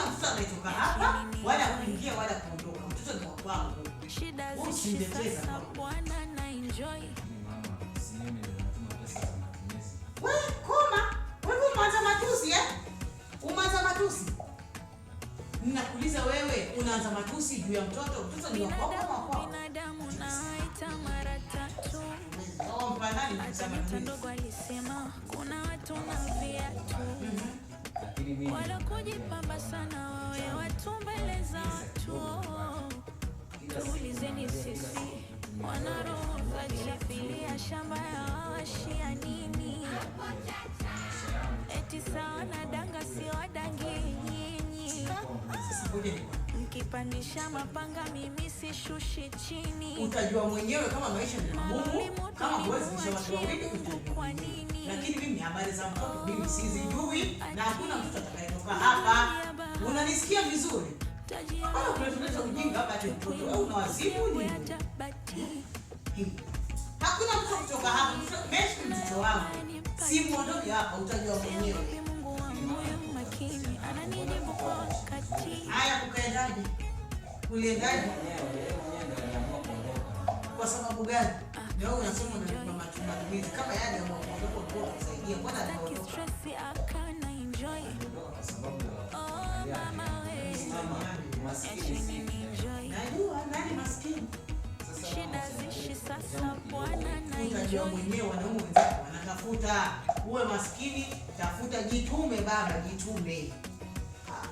hakuna mtoto anayetoka hapa wala kuingia wala kuondoka. Mtoto ni wa kwangu, usiniteteze wewe. Koma wewe, umeanza matusi eh? Umeanza matusi. Ninakuuliza wewe, unaanza matusi juu ya mtoto? Mtoto ni wa kwangu ama wa kwako? Mpanani kusema wala sana, wawe watu mbele za watu. Tuulizeni sisi wana roho za shamba ya nini? Eti sawa na danga, si wadange nyinyi, mkipandisha mapanga mimi sishushi chini. Utajua mwenyewe kama maisha ni magumu, kama huwezi kusema kwa nini mimi habari za mtoto mimi sizijui, na hakuna mtoto atakayetoka hapa. Unanisikia vizuri? Hapana, kuletuleta ujinga hapa ati mtoto au wazimu ni Hakuna mtu kutoka hapa. Meshi mtoto wangu, simuondoke hapa, utajua mwenyewe. Haya, kukaendaje? Uliendaje? Kwa sababu gani? Ndio oh, yaani yaani mwenyewe wanaume wanatafuta. Uwe maskini, tafuta, jitume baba, jitume. Ah,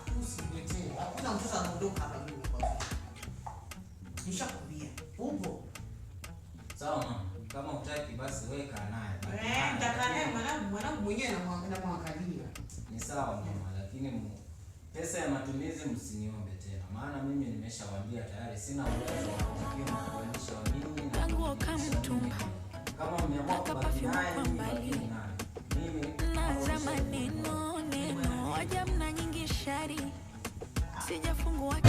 Hakuna mtoto anaondoka hapa. Nishakwambia upo Sawa mama, kama utaki basi wewe kaa naye. Eh, nitakaa naye mwanangu, mwanangu mwenyewe na mwangalia. Ni sawa mama, eh. lakini pesa ya matumizi msiniombe tena, maana mimi nimeshawaambia tayari, sina uwezo wa kufikia kuonyesha mimi na nguo mtumba. Kama mmeamua kubaki naye, mbaki naye. Mimi nazama neno neno, waja mna nyingi shari, sijafungua